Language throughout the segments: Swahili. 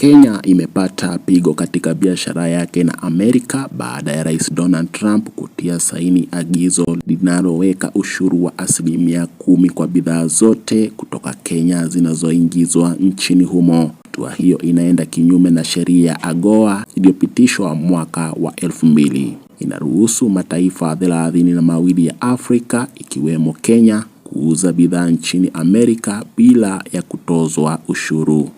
Kenya imepata pigo katika biashara yake na Amerika baada ya Rais Donald Trump kutia saini agizo linaloweka ushuru wa asilimia kumi kwa bidhaa zote kutoka Kenya zinazoingizwa nchini humo. Hatua hiyo inaenda kinyume na sheria ya AGOA iliyopitishwa mwaka wa elfu mbili. Inaruhusu mataifa thelathini na mawili ya Afrika ikiwemo Kenya kuuza bidhaa nchini Amerika bila ya kutozwa ushuru.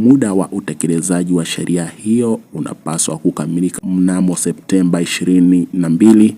Muda wa utekelezaji wa sheria hiyo unapaswa kukamilika mnamo Septemba 22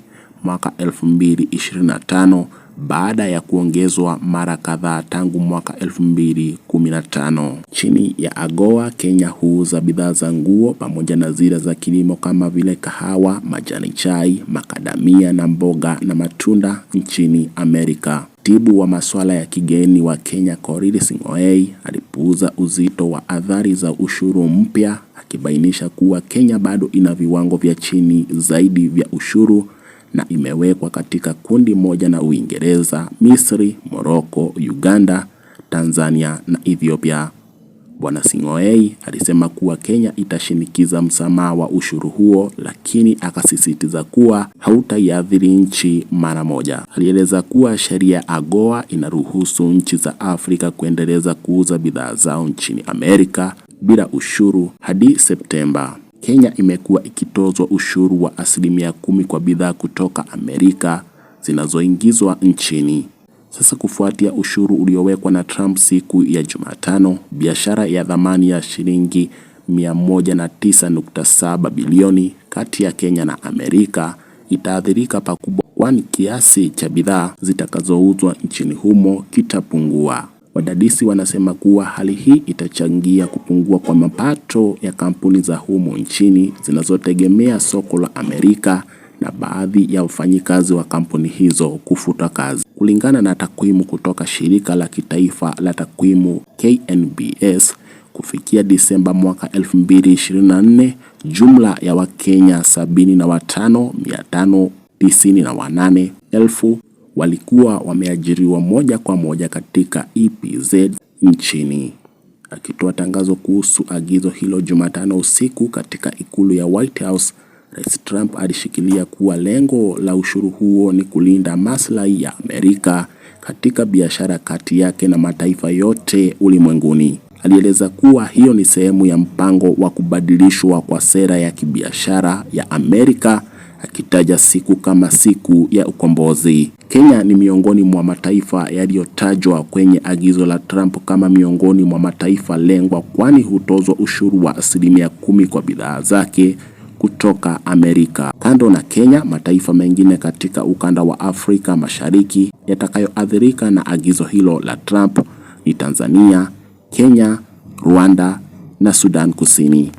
mwaka 2025 baada ya kuongezwa mara kadhaa tangu mwaka 2015. Chini ya AGOA, Kenya huuza bidhaa za nguo pamoja na zile za kilimo kama vile kahawa, majani chai, makadamia na mboga na matunda nchini Amerika. Katibu wa masuala ya kigeni wa Kenya Korir Sing'oei alipuuza uzito wa athari za ushuru mpya akibainisha kuwa Kenya bado ina viwango vya chini zaidi vya ushuru na imewekwa katika kundi moja na Uingereza, Misri, Morocco, Uganda, Tanzania na Ethiopia. Bwana Sing'oei alisema kuwa Kenya itashinikiza msamaha wa ushuru huo, lakini akasisitiza kuwa hautaiathiri nchi mara moja. Alieleza kuwa sheria AGOA inaruhusu nchi za Afrika kuendeleza kuuza bidhaa zao nchini Amerika bila ushuru hadi Septemba. Kenya imekuwa ikitozwa ushuru wa asilimia kumi kwa bidhaa kutoka Amerika zinazoingizwa nchini. Sasa kufuatia ushuru uliowekwa na Trump siku ya Jumatano, biashara ya thamani ya shilingi 109.7 bilioni kati ya Kenya na Amerika itaathirika pakubwa, kwani kiasi cha bidhaa zitakazouzwa nchini humo kitapungua. Wadadisi wanasema kuwa hali hii itachangia kupungua kwa mapato ya kampuni za humo nchini zinazotegemea soko la Amerika na baadhi ya wafanyikazi wa kampuni hizo kufuta kazi. Kulingana na takwimu kutoka shirika la kitaifa la takwimu KNBS, kufikia Disemba mwaka 2024, jumla ya Wakenya 75598 walikuwa wameajiriwa moja kwa moja katika EPZ nchini. Akitoa tangazo kuhusu agizo hilo Jumatano usiku katika ikulu ya White House, Rais Trump alishikilia kuwa lengo la ushuru huo ni kulinda maslahi ya Amerika katika biashara kati yake na mataifa yote ulimwenguni. Alieleza kuwa hiyo ni sehemu ya mpango wa kubadilishwa kwa sera ya kibiashara ya Amerika akitaja siku kama siku ya ukombozi. Kenya ni miongoni mwa mataifa yaliyotajwa kwenye agizo la Trump kama miongoni mwa mataifa lengwa kwani hutozwa ushuru wa asilimia kumi kwa bidhaa zake kutoka Amerika. Kando na Kenya, mataifa mengine katika ukanda wa Afrika Mashariki yatakayoathirika na agizo hilo la Trump ni Tanzania, Kenya, Rwanda na Sudan Kusini.